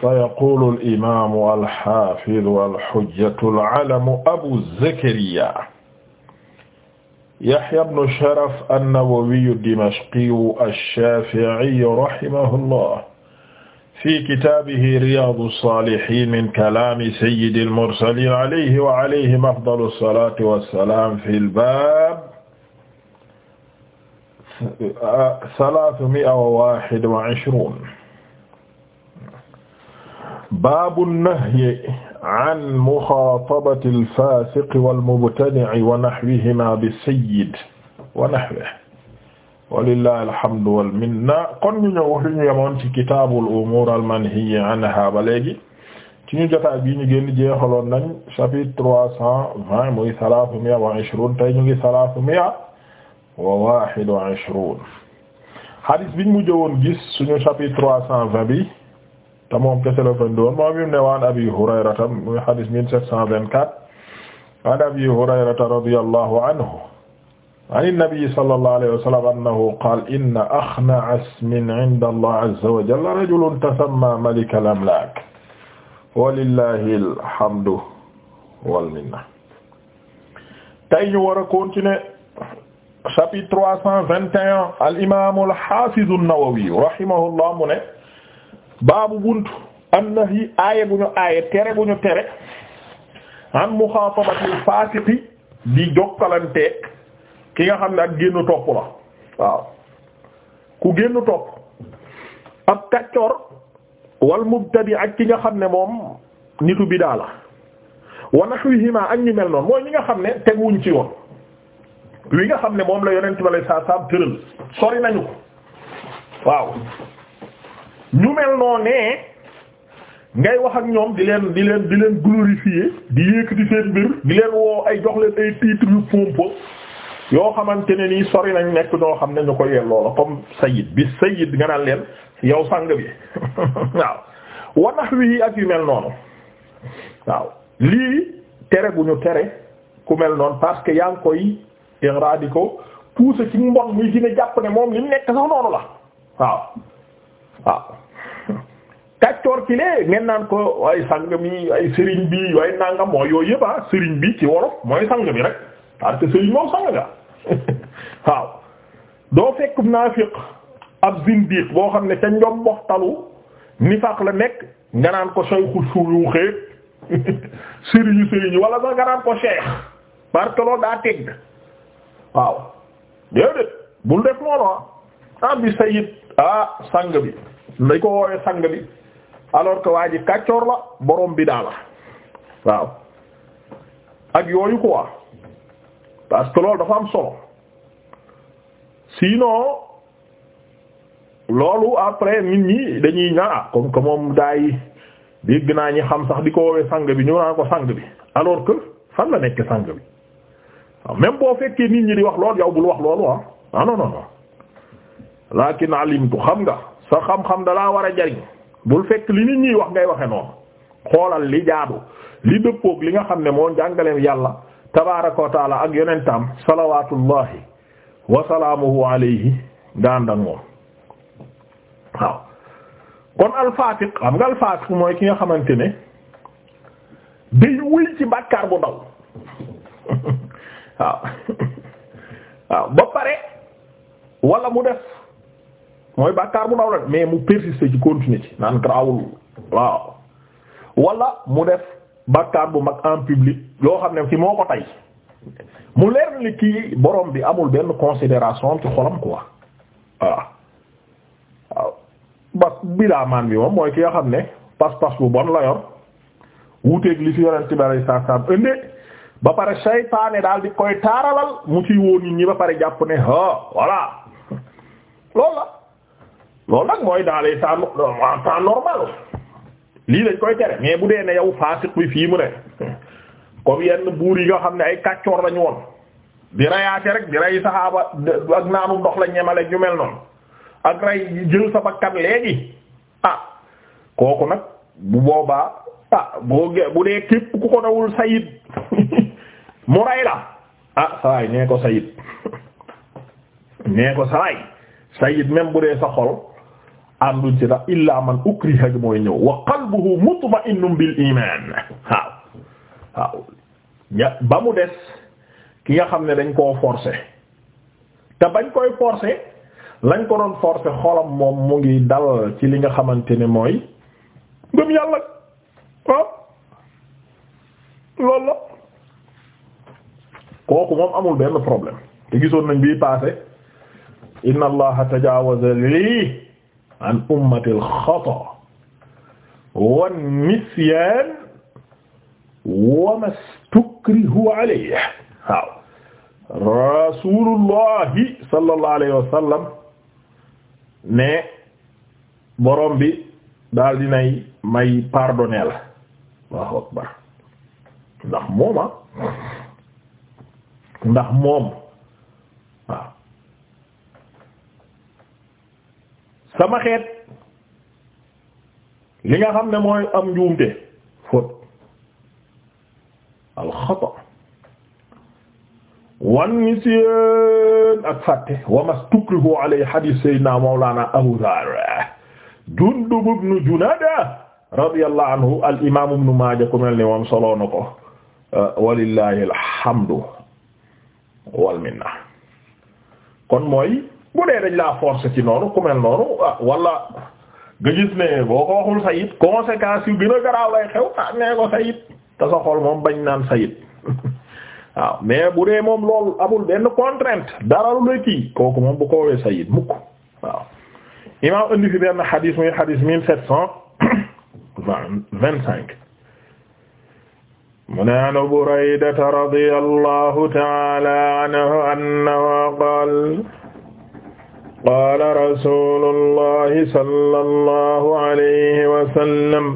sayaqulu al-imaamu al-haafidu al-hujjatu al-alamu abu zakariyaa yahyaa ibnu sharaf an-nawawiyyu ad-dimashqiyyu ash-shaafi'iyyu rahimahullah fi kitaabihi riyaadu saalihiin min kalaami sayyidi al-mursaliin alayhi wa alayhim afdalu salaati wa salaam fil baab salaasumi'a wa waahid wa ishruun baabu nahyi an muxaatabati alfaasiqi walmubtadi'i wa naxwihimaa bisayyid wa naxwihi walillahi alhamdu wal minna kon ñu ñëw li ñu yemoon ci kitaabul umuur almanhiyyi anhaa ba léegi ci ñu jotaay bii ñu génn jeexaloon nañ chapitre trois cent vingt muy salaatu mi'a wa ishrun tey ñu ngi salaatu mi'a wa waahid wa ishrun hadis biñ mu jëwoon gis suñu chapitre trois cent vingt bi te moom kese la fañ doon moom im ne waan abi hurayrata muy hadis 1724 an abi hurayrata radiyallahu anhu an innabii sallallahu alayhi wa sallam annahu qaala inna axna'a ismin 'inda allahi 'azza wa jalla rajulun tasammaa malika al-amlaak walillahi alhamdu wal minna tey ñu war a continuer chapitre 321 al imaam al haafiz an-Nawawi rahimahullah mu ne baabu buntu annahyi aaye bu ñu aaye tere bu ñu tere an muxaatabati faasiqi di jokkalanteeg ki nga xam ne ak génn topp la waaw ku génn topp ab kàccoor wal mubtadi ak ki nga xam ne moom nitu bidaa la wa nahwihima ak ñu mel noonu mooy ñi nga xam ne teguwuñ ci yoon wi nga xam ne moom la yonent bi sallallahu alayhi wasallam tëral sori nañu ko waaw ñu mel noo nee ngay wax ak ñoom di leen di leen di leen glorifier di yékkati seen mbir di leen woo ay jox leen ay titre yu pompo yoo xamante ne nii sori nañ nekk ñoo xam ne ñu ko yelloo la comme sayid bi sayid nga naan leen yow sang bi waaw wanax wi ak yu mel noonu waaw lii tere bu ñu tere ku mel noonu parce que yaa ngi koy iradi ko pousser ci mbon muy gën a jàpp ne moom li nekk sax noonu la waaw waaw ah. kàccoor ci lee ngeen naan ko ay sang mi ay sëriñ bi ay nangam mooy yooyu yëpp ah sëriñ bi ci wolof mooy sang bi rek que sëriñ moom sang waaw doo fekk naafiq ab zindiq boo xam ne ca njom boxtalu nifaq la nekk nga naan ko sayxu suyuxee sëriñu sëriñu wala sax nga naan ko cheikh parce que loolu daa tegg waaw déedéet bul def noonu ah. ah bi sayid ah sang bi dañ ko woowee sang bi alors que waa ji kàccoor la borom bi daal la waaw ak yooyu quoi parce que loolu dafa am solo sinon loolu après nit ñi dañuy ñaa ah, comme que moom gaa yi dégg naa ñi xam sax di ko woowee sang bi ñu naan ko sang bi alors que fan la nekk sang bi waaw boo fekkee nit ñi di wax lool yow bul wax loolu ah. ah non non non lakin alimtu xam nga. sa xam-xam dalaa war a jariñ bul fekk li nit ñi wax ngay waxe noonu xoolal li jaadu li dëppook li nga xam ne moo jàngaleem yàlla tabaaraka wa ak yonentam salawaatullahi wa salaamuhu alayhi gaandak moom waaw kon alfaatiq xam nga alfaatiq mooy ki nga xamante ne day wéy ci bàkkaar bu ndaw waaw waaw ba pare wala mu def mooy bàkkaar bu ndaw la mais mu persister ci continuer ci naan garaawul waaw wala mu def bàkkaar bu mag en public yoo xam ne ci moo ko tey mu leer li kii borom bi amul benn consideration ci xolam quoi voilà waaw bas bidaa maan bi moom mooy ki nga xam ne pas-pas bu bon la yor wuuteeg li fi yonent bi alay saa saam ënde ba pare saytaane daal di koy taaralal mu ciy woo nit ñi ba pare jàpp ne ha voilà loolu la lool nag mooy dans les normal lii lañ koy tere mais bu dee ne yow faasiq bi fii mu ne comme yenn buur yi nga xam ne ay kàccoor lañu woon di rayaate rek di ray saxaaba ak naanu ndox la ñemale ñu mel noonu ak ray jël sa bakkan léegi ah kooku nag bu booba ah boo ge bu dee képp ku ko dawul sayid mu ray la ah sawaay nee ko sayid nee ko sawaay sayid même bu dee sa xol ànduñ ci dax illaa man ukriha gi mooy ñëw wa qalbuhu mutma'innun bil iman waaw waaw ña ba mu des ki nga xam ne dañ koo forcer te bañ koy forcer lañ ko doon forcer xolam moom mu ngi dal ci li nga xamante ne mooy ngëm yàlla loolu kooku moom amul benn problème te gisoon nañ bii passé inna allaha tajawaza lii an ummatil xata wan nisyaan wa mastukrihu alayhi waaw rasulullahi sallallahu alayhi wa sallam ne borom bi daal dinay may pardonné la Allahu akbar ndax mooma ndax moom waaw sama xeet li nga xam ne mooy am njuumte faute alxata wan nisyan ak fàtte wa mastukrihu alayhi hadith sayyidina mawlana abu dhar jundub ibn junada radiyallahu anhu al imam ibn majah ku mel ni moom soloo na ko walillahi alhamdu wal minna kon mooy bu dee dañ laa forcer ci noonu ku noonu ah wala ne boo ko waxul sa yit gën a garaaw lay xew ah nee ko sa moom bañ naan sa waaw mais bu dee moom loolu amul benn contrainte dara lu lay kii kooku moom bu ko woowee sa mukk waaw. imaam indi fi benn xadis muy xadis mille sept cent vingt cinq. mu ne an Buraydata radiyallahu ta'ala anhu annahu qaala qaala rasuulullahi sallallahu alayhi wa sallam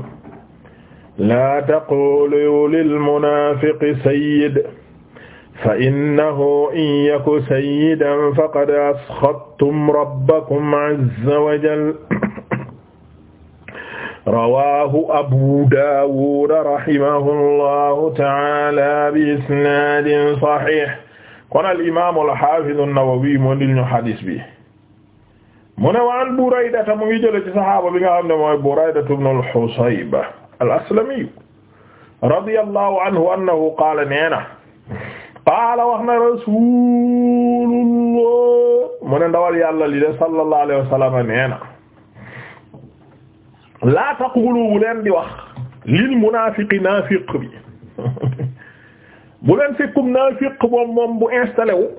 laa taqulu lilmunaafiqi sayyid fa innahu in yaku sayyidan faqad asxattum rabbakum azza wa jalla rawaahu abu daawuud rahimahullahu ta'aala bi isnaadin saxiix kon al imaam al xaafiz an-nawawi moo dil ñu xadis bi mu ne waan Buraydata mu ngi jële ci saxaaba bi nga xam ne mooy Buraydatu ibn al-Husayb al-Aslami radiyallahu anhu annahu qaala neena qaala wax na rasulullah mu ne ndawal yàlla li de sallallahu alayhi wa sallam neena taqulu di wax lil munaafiqi naafiq bi bu leen fekkum naafiq moom bu installé wu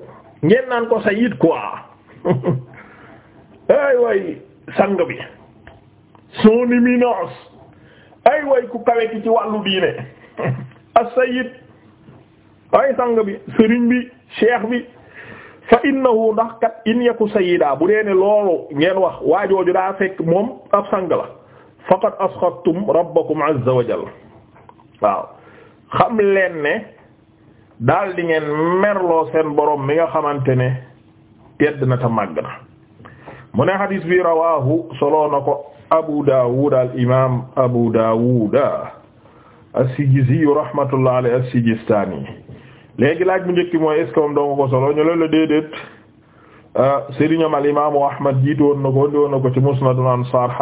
ko sayyid quoi ay way sang bi son éminence ay way ku kawe ki ci wàllu diine as-sayyid ay sang bi sëriñ bi cheikh bi fa innahu ndax kat in yaku sayida bu dee ne loolu ngeen wax waajooju daa fekk moom ab sang la faqad asxattum rabbakum azza wa jalla xam leen ne daal di ngeen merloo seen borom mi nga xamante ne tedd na ta màgg mu ne xadis bi rawahu soloo na ko Abu Dawud al Abu Dawud as-Sijizi rahmatullah alayhi as-Sijistani léegi laaj bu njëkk mooy est ce que moom doo nga ah, jiitu woon na ko indi woon na ko ci Musnad al-Ansar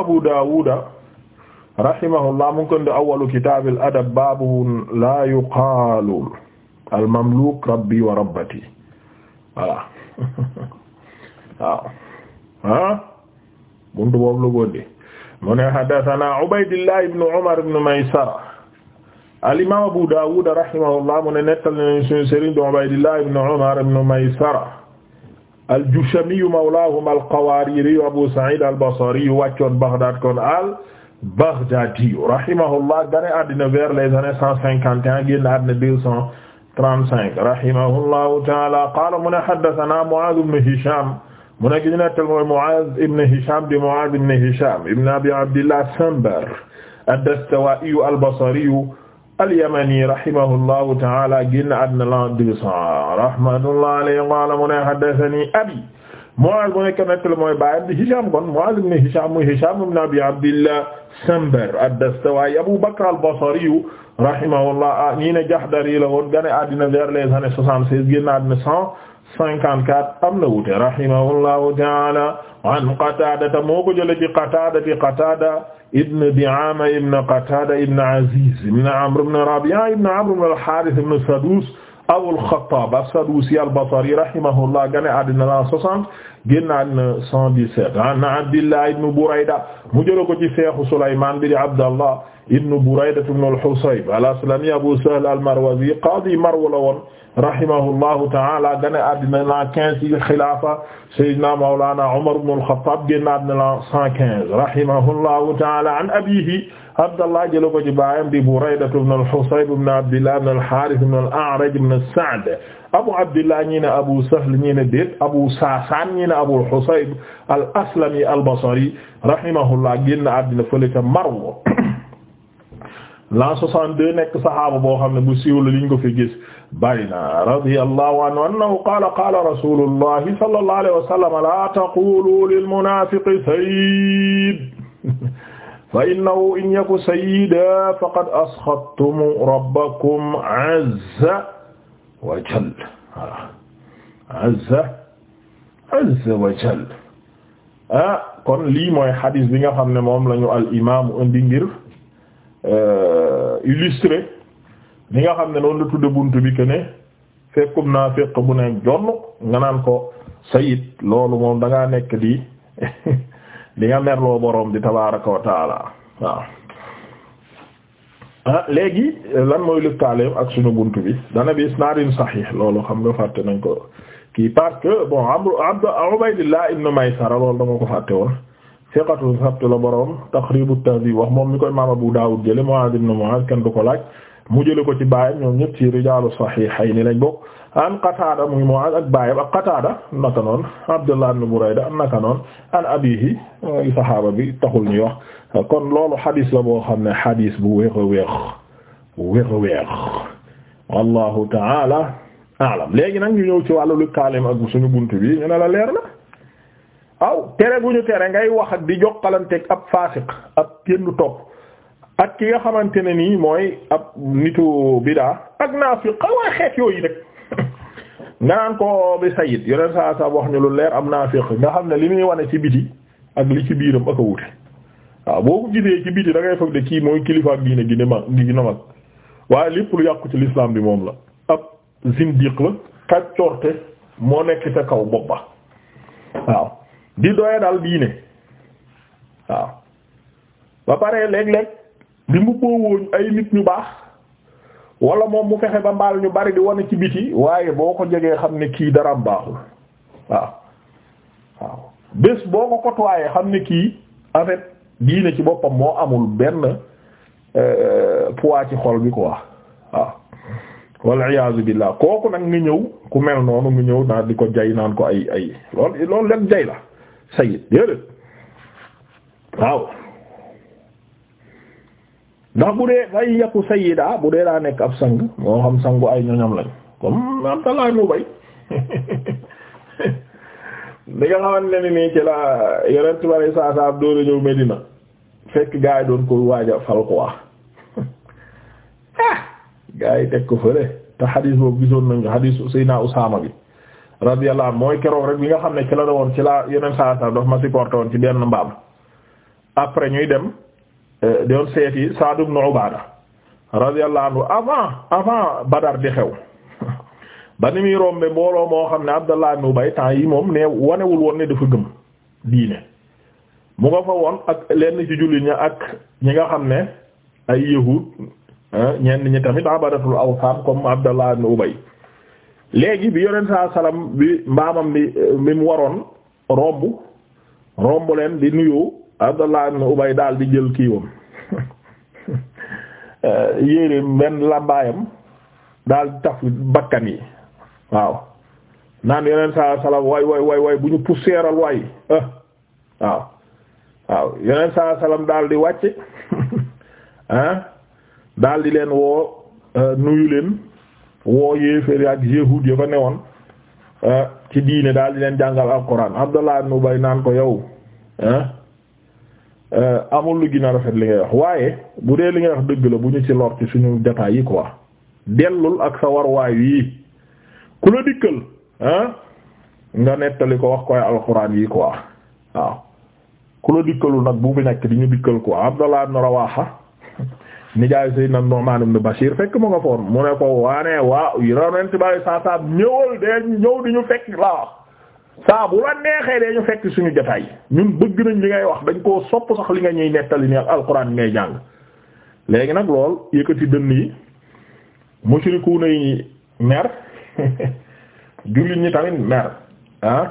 Abu Dawud rahimahullah mu ngi ko indi adab baabu la yuqaalu al mamluk rabbi wa rabbati voilà waaw ah buntu boobu la góode mu ne haddathana Ubaydillah ibn Umar ibn Maysara al imam Abu Dawud rahimahullah mu ne nettal na sunu sëriñ di Ubaydillah ibn Umar ibn Maysara al-Jushami mawlaahum al-Qawariri Abu Sa'id al-Basri wàccoon Baghdad kon al-Baghdadi rahimahullah gane àddina vers les années cent cinquante et un génn àddina deux cents 35 rahimahullahu taala qaala mu ne haddathana Mu'aaz ibn Hishaam mu nekk ñu nettal mooy Mu'aaz ibn Hishaam di Mu'aaz ibn Hishaam ibn Abi Abdillah Sambar ad-Dastawaa'iyu al-Basriyu al-Yamani rahimahullahu taala génn àddina la 200 rahmatullahi alayhi qaala mu ne haddathani abi Muaz mu nekk nettali mooy baayam di Hisham kon Muaz ibn Hisham muy Hisham ibn Abi Abdillah Sambar ad-Dastuwaayi Abu Bakr al-Basri rahimahullah ah, ñii ne Jahdari la woon gane àddina vers les années soixante-seize génn àddina cent cinquante-quatre am na wuute rahimahullahu ta'ala an Qataada moo ko jëlee ci Qataada di Qataada ibn Di'aama ibn Qataada ibn Aziz ibn Amr ibn Rabi'a ibn Amr ibn al-Harith ibn Sadus Abul Xattaab as-Saduusi al-Basri rahimahullah gane àddina la 60 génn àddina 117 an Abdillah ibn Burayda mu jëloon ko ci seexu Sulaymaan bi di Abdallah ibn Burayda ibn al-Husayb al-Aslami Abu Sahl al-Marwazi qaadi Marw la woon rahimahullahu ta'ala gane àddina la quinze ci xilaafa sayyidina mawlana Umar ibn al-Khattab génn àddina la cent quinze rahimahullahu ta'ala an abiihi Abdallah jëla ko ci baayam di Buraydatu ibn al-Husayb ibn Abdillah ibn al-Harith ibn al-A'raj ibn Sa'd Abu Abdillah ñi ne Abu Sahl ñi ne déet Abu Sasan ñi ne Abu al-Husayb al-Aslami al-Basri rahimahullah génn àddina fële ca Marw l'an 62 nekk sahaaba boo xam ne bu siiw la liñ ko fi gis bari na radiyallahu anhu annahu qaala qaala rasulullahi sallallahu alayhi wa la taqulu lil munafiqi sayyid fa innahu in yaku sayyida faqad asxattum rabbakum azza wa jalla azza ah kon lii mooy xadis bi nga lañu Euh, illustré li nga xam ne noonu la tudde bunt bi que ne fekkum naa fekk bu ne jonn nga naan ko sayid loolu moom dangaa ngaa nekk di di nga merloo boroom di tabaraka wa taala waaw ah, léegi lan mooy lëkkaaleem ak suñu bunt bi dana bi isnaadin saxiix loolu xam nga fàtte nañ ko kii parce que bon Abd Ubaydillah ibn Maysara loolu dama ko fàtte woon siqatu sabt la borom Taqrib at-Tahdhib wax moom mi ko imaam Abu Dawud jële Mu'adh ibn Mu'adh kenn du ko laaj mu jële ko ci baayam ñoom ñëpp ci rijaalu sahihayn lañ bokk an Qatada muy Mu'adh ak baayam ak Qatada naka noon Abdullah ibn Burayda naka noon an abihi saxaaba bi taxul ñuy wax kon loolu xadiis la boo xam ne xadiis bu wéex a wéex wéex a wéex wallahu ta'ala a'lam léegi nag ñu ñëw ci wàllu lu kaalim bunt bi ñu ne la leer na aw tere bu ñu tere ngay wax ak di jokkalanteeg ab faasiq ab kenn topp ak ki nga xamante ne nii mooy ab nitu bidaa ak naafiq xawaa xeet yooyu rek nga naan ko bi sayid yoneen saa saa wax ñu lu leer am naafiq nga xam ne li muy wane ci biti ak li ci biiram ak a wute waaw boo ko gisee ci biti da ngay foog kii mooy kilifa ak diine gi ne mag gi ne mag waaye lépp lu yàqu ci l'islam bi moom la ab zindiq la kàccoorte moo nekk ca kaw bopp ba waaw di doye dal diine waaw ba pare léeg-léeg mu boowooñ ay nit ñu baax walla moom mu fexe ba mbaal ñu bari di wane ci biti waaye boo ko jegee xam ne kii dara baaxul waaw waaw bés boo ko kotuwaayee xam ne kii en fait diine ci boppam moo amul benn euh, poids ci xol bi quoi waaw wal iyaazu billaah kooku nag nga ñëw ku mel noonu mu ñëw naa di ko jay naan ko ay ay lool loolu leen jay la sayyid déedéet waaw ndax bu dee ay yàqu sayyida bu dee daa nekk ab sang moo xam sangu ay ñoñam lañ comme Abdallah ibn Ubay li nga xamante ne nii ci la yonent bari saa saa ab doora ñëw Medina fekk gaa yi doon koy waaja fal ko wax ah! gaa yi teg ko fële te xadiis boobu gisoon nañu xadiis Seydina Usaama bi radiyallahu anhu mooy keroog rek li nga xam ne ci la da woon ci la yeneen saa saa daf ma supporté woon ci benn mbaam après ñuy dem euh, doon seeti Saad ibn Ubaada radiyallahu anhu avant avant Badar di xew ba ni muy rombe mbooloo moo xam ne Abdallah ibn Ubay temps yi moom ne wanewul woon ne dafa gëm diine mu nga fa woon ak lenn ci julli ña ak ñi nga xam ne ay yahud ñenn ñi tamit abadatul awsam comme Abdallah léegi bi yonent saa salaam bi mbaamam bi mi mu waroon romb romb leen di nuyu Abdallah ibn Ubay daal di jël kiiwam euh, yéeréem benn làmbaayam daal di taf bakkan yi waaw naan yonent saa salaam waay waay bu ñu puseeral waay ah waaw waaw yonent daal di wàcc ah daal di leen woo euh, nuyu leen. woo yéeféer ak yahuud ya fa newoon eh, ci diine daal di leen jàngal alquran Abdallah ibn Ubay naan ko yow eh, eh, amul lu gën rafet li ngay wax waaye bu dee li ngay wax dëgg la bu ñu ci lor ci suñu jotaay yi quoi dellul ak sa warwaay yi ku la dikkal nga nettali ko wax koy alquran yi quoi waaw ku la dikkalul nag bu fi nekk di ñu dikkal quoi Abdallah ibn Rawaha nijaay Seydina Nu'man ibn Bashir fekk mu nga foon mu ne ko waane waaw yonent bi saa saa ñëwal de ñëw di ñu fekk laa saa bu la neexee de ñu fekk suñu jotaay ñun bëgg nañ li ngay wax dañ koo sopp sax li nga ñuy nettali ni alxuraan ngay jàng léegi nag lool yëkkati dënn yi mushrikuuna yi mer jullit ñi tamit mer ah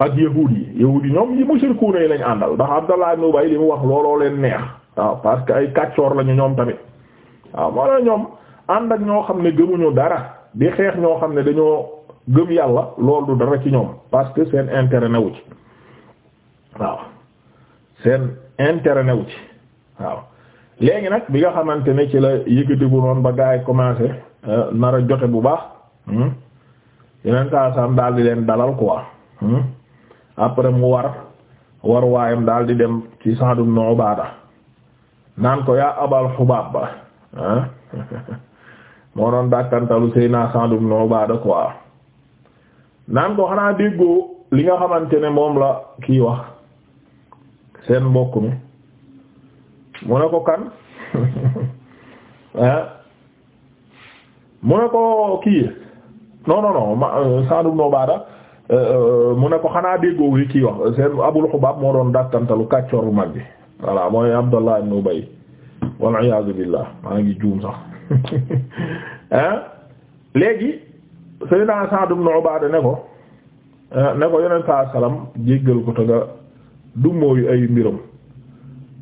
ak yahuud yi yahuud yi ñoom yi mushrikuuna yi lañ àndal ndax Abdallah ibn Ubay li mu wax looloo leen neex waaw parce que ay kàccoor lañu ñoom tamit waaw moo la ñoom ànd ak ñoo xam ne gëmuñu dara di xeex ñoo xam ne dañoo gëm yàlla loolu du dara ci ñoom parce que seen intérêt newu ci waaw seen intérêt newu ci waaw léegi nag bi nga xamante ne ci la yëkkatiku noonu ba gaa yi commencé euh, nar jote bu baax hmm? yeneen kaasam daal di leen dalal quoi hmm? après mu war war waayam daal di dem ci Sa'd ibn Ubaada naan ko yaa abal xubaab ba ah moo doon dàkkantalu Seydina Sa'd ibn Ubaada quoi naan ko xanaa déggoo li nga xamante ne moom la kii wax seen mbokk mi mu ne ko kan ah mu ne ko kii non non non ma euh, Sa'd euh, euh, mu ne ko xanaa déggoo li kii wax seen abul xubaab moo doon dàkkantalu kàccooru mag bi voilà mooy Abdallah ibn Ubay wal iyaazu billah maa ngi juum sax ah léegi Seydina Sa'd ibn Ubaada ne ko eh, ne ko yonent saa salaam jéggal ko te nga dummóoyu ay mbiram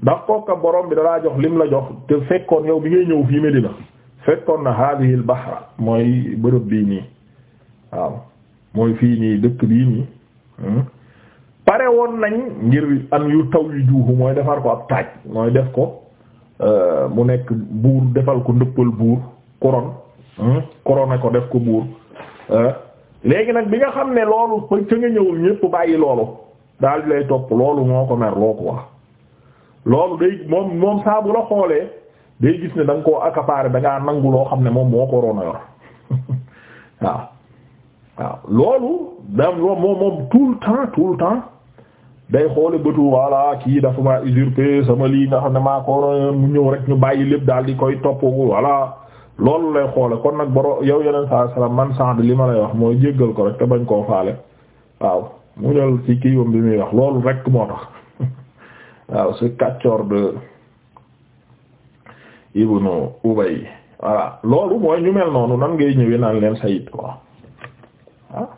ndax kooka borom bi dalaa jox lim la jox te fekkoon yow bi ngay ñëw fii Medina fekkoon na haadihi al bahra mooy bërëb bii nii waaw mooy fii nii dëkk bii nii hmm? pare woon nañ ngir am yu taw yu juuxu mooy defar ko ab taaj mooy def ko euh, mu nekk buur defal ko ndëppal buur couronne hmm, couronne ko def ko buur euh. léegi nag bi nga xam ne loolu ba ca nga ñëwul ñépp bàyyi loolu daal di lay topp loolu moo ko mer loo ko wax loolu day moom la xoolee day gis ne da nga koo accaparer da nangu loo xam ne moom moo ko waroon moom moom tout le temps tout le temps day xoole bëtu voilà kii dafa ma usurpé sama lii nga xam ne maa ko mu ñëw rek ñu bàyyi lépp daal di koy topp voilà loolu lay xoole kon nag boro yow yeneen sa salaam man sànq li ma lay wax moo jéggal ko rek te bañ koo faale waaw mu ñëw ci kii bi muy wax loolu rek moo tax waaw ce quatuor de Ibnu Ubay voilà loolu mooy ñu mel noonu nan ngay ñëwee naan leen sayid quoi ah,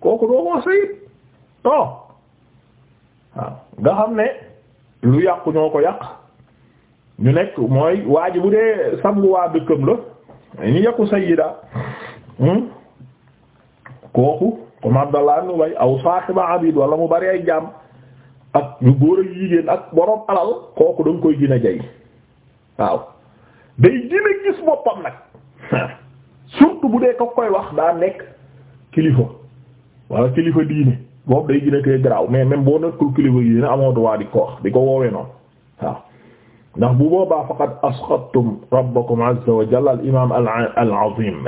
kooku doo ko sayid non. waaw nga xam ne lu yàqu ñoo ko yàq ñu nekk mooy waa ji bu dee sangu waa dëkkam la ñu yàqu sayyida hmm? kooku comme Abdallah ibn Ubay aw saahiba abid wala mu bari ay jaam ak ñu góor ak jigéen ak borom alal kooku da koy gin a jay waaw day gën gis boppam nag surtout bu dee ko koy wax daa nekk kilifa wala kilifa diine boobu day gën a tee garaaw mais même boo nekkul kilifa yi ne amoo droit di ko wax di ko woowee noonu waaw ndax bu boobaa faqad asxattum rabbakum azza wa jalla al imaam al al azim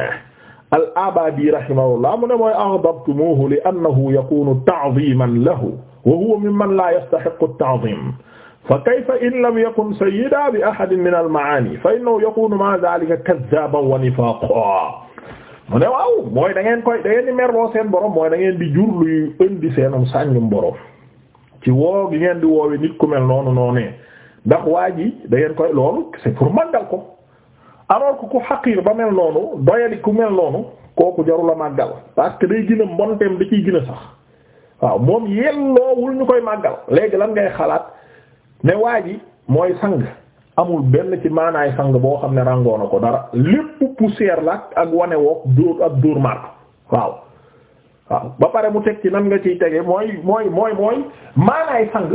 al abadi rahimahullah mu ne mooy aghdabtumuhu li annahu yakunu ta'ziman lahu wa huwa mimman la yastahiqqu at-ta'zim fa kayfa in lam yakun sayyidan bi ahadin min al ma'ani fa innahu yakunu ma'a dhalika kadhaban wa nifaqan mu ne waaw mooy da ngeen koy da ngeen di merloo seen borom mooy da ngeen di jur luy indi seenum sànñum borom ci woo gi ngeen di woowe nit ku mel noonu noonu ndax waa ji da ngeen koy loolu c'est pour màggal ko alors ko ku xaqiir ba mel noonu doyali ku mel noonu kooku jarul a màggal parce que day gën a mbonteem da ciy gën a sax waaw moom yelloowul ñu koy màggal léegi lan ngay xalaat ne waa ji mooy sang amul benn ci maanaay sang boo xam ne ràngoo na ko dara lépp poussière la ak wane wook dóor ak dóor mark waaw waaw ba pare mu teg ci nan nga ciy tege mooy mooy mooy mooy maanaay sang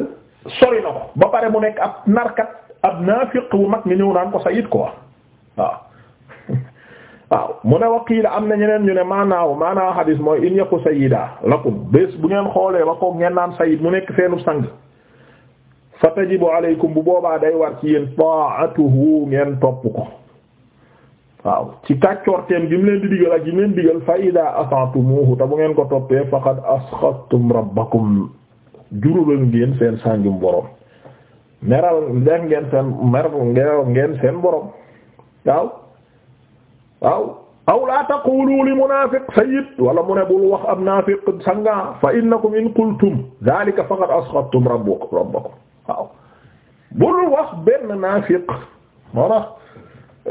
sori na ko ba pare mu nekk ab narkat ab naafiq bu mag nga ñëw naan ko sa it ko waaw waaw mu ne waqiila am na ñeneen ñu ne maanaaw maanaaw xadiis mooy in yaku sayida lakum bés bu ngeen xoolee ba koog ngeen naan sayid mu nekk seenu sang fa tajibu alaykum bu boobaa day war ci yéen ta'atuhu ngeen topp ko waaw ci kàccoorteem gi mu di digal ak yi mu fa idaa asatumuhu te ngeen ko toppee faqad asxattum rabbakum jurulal ngeen seen sànjum borom meral def ngeen seen mer ngeen aw laa taqulu li munafiq sayyid wala mu ne wax am naafiq sanga fa innakum in qultum dhalika faqad asxattum rabbakum waaw bul wax benn naafiq moo tax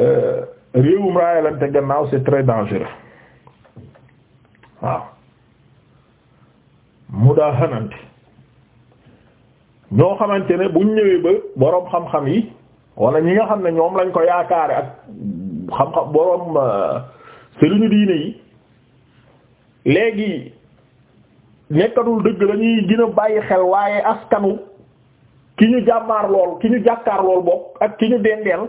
euh, réewum raayalante gannaaw c'est très dangereux waaw mudaahanante ñoo xamante ne bu ñu ñëwee ba boroom xam-xam yi wala ñi nga xam ne ñoom lañ ko yaakaare ak xam-xam boroom euh, sëriñu diine yi léegi nekkatul dëgg lañuy gën a bàyyi xel waaye askanu ki ñu jàmmaar lool ki ñu jàkkaar lool bokk ak ki ñu dendeel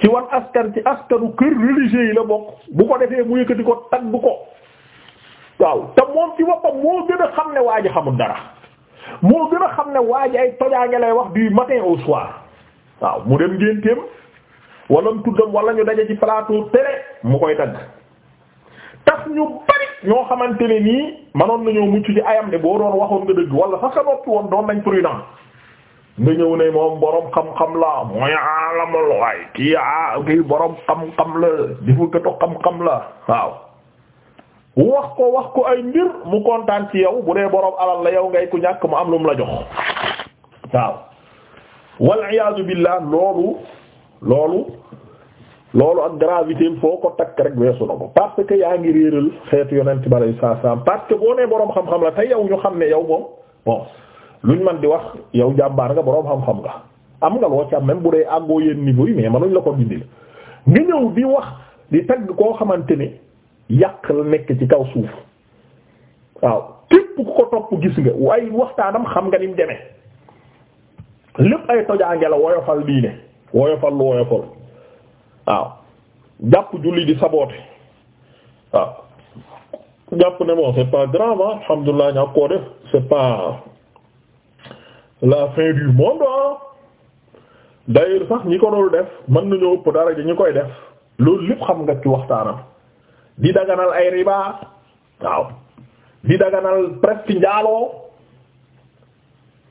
ci wan askan ci askanu kër religieux yi la bokk bu ko defee mu yëkkati ko tagg ko waaw te moom ci boppam moo gën a xam ne waa ji dara moo gën a xam ne waaj ay tojaange lay wax du matin au soir waaw mu dem ngénteem wala mu tuddam walla ñu daje ci plateau télé mu koy tagg tax ñu bari ñoo xamante ne nii manoon nañoo mucc ci ayam ne boo doon waxoon nga dëgg wala sax ka noppi woon doon nañ prudent nga ñëw ne moom borom xam-xam la mooy alamul waay kii a kii borom xam-xam la jëfakatu xam-xam la waaw wax ko wax ko ay mbir mu kontaan ci yow bu ne borom alal la yow ngay ku ñàkk mu am lu mu la jox waaw wal iyaadu billah loolu loolu loolu ak gravité foo ko takk rek weesu na ko parce que yaa ngi réeral xeetu yonent bi alayhi salaam parce que boo nee borom xam-xam la te yow ñu xam ne yow moom bon luñ man di wax yow jàmbaar nga boroom xam-xam nga am nga loo ci am bu dee àggoo yenn niveau yi mais manuñ la ko dindil nga ñëw di wax di tagg koo xamante ni yàq la nekk ci kaw suuf waaw képp ku ko topp gis nga waaye waxtaanam xam nga ni mu lépp ay tojaange la woyofal diine woyofal lu woyofal waaw jàpp julli di saboote waaw jàpp ne bon c'est pas grave alhamdulilah ñaa koo def c'est pas la fin du monde d'ailleurs sax ñi ko doon def mën nañoo ëpp dara ji ñi koy def loolu lépp xam nga ci waxtaanam di daganal ay riba waaw di daganal presque njaaloo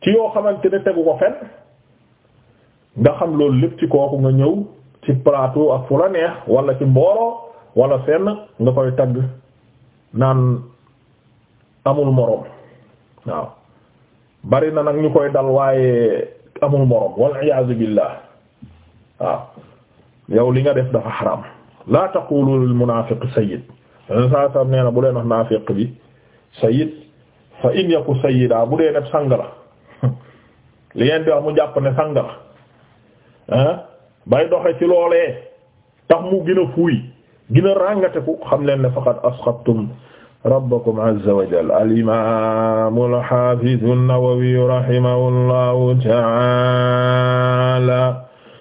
ci yoo xamante ne tegu ko fen nga xam loolu lépp ci kooku nga ñëw ci plateau ak fu la neex walla ci mbooloo wala fenn nga koy tagg naan amul moroom waaw bari na nag ñu koy dal waaye amul morom wal iyaazu billah waaw yow li nga def dafa xaram la taqulu lil munaafiq sayyid saa saa nee na bu leen wax naafiq bi sayyid fa in yaku sayyidaa bu dee def sang la li ngeen di wax mu jàpp ne sang la ah? bay doxe ci loolee tax mu gën a fuuy gën a ràngate ku xam leen fa faqad asxattum rabbakum azza wa jalla al-imaamu al-haafizu an-Nawawi rahimahullahu ta'aala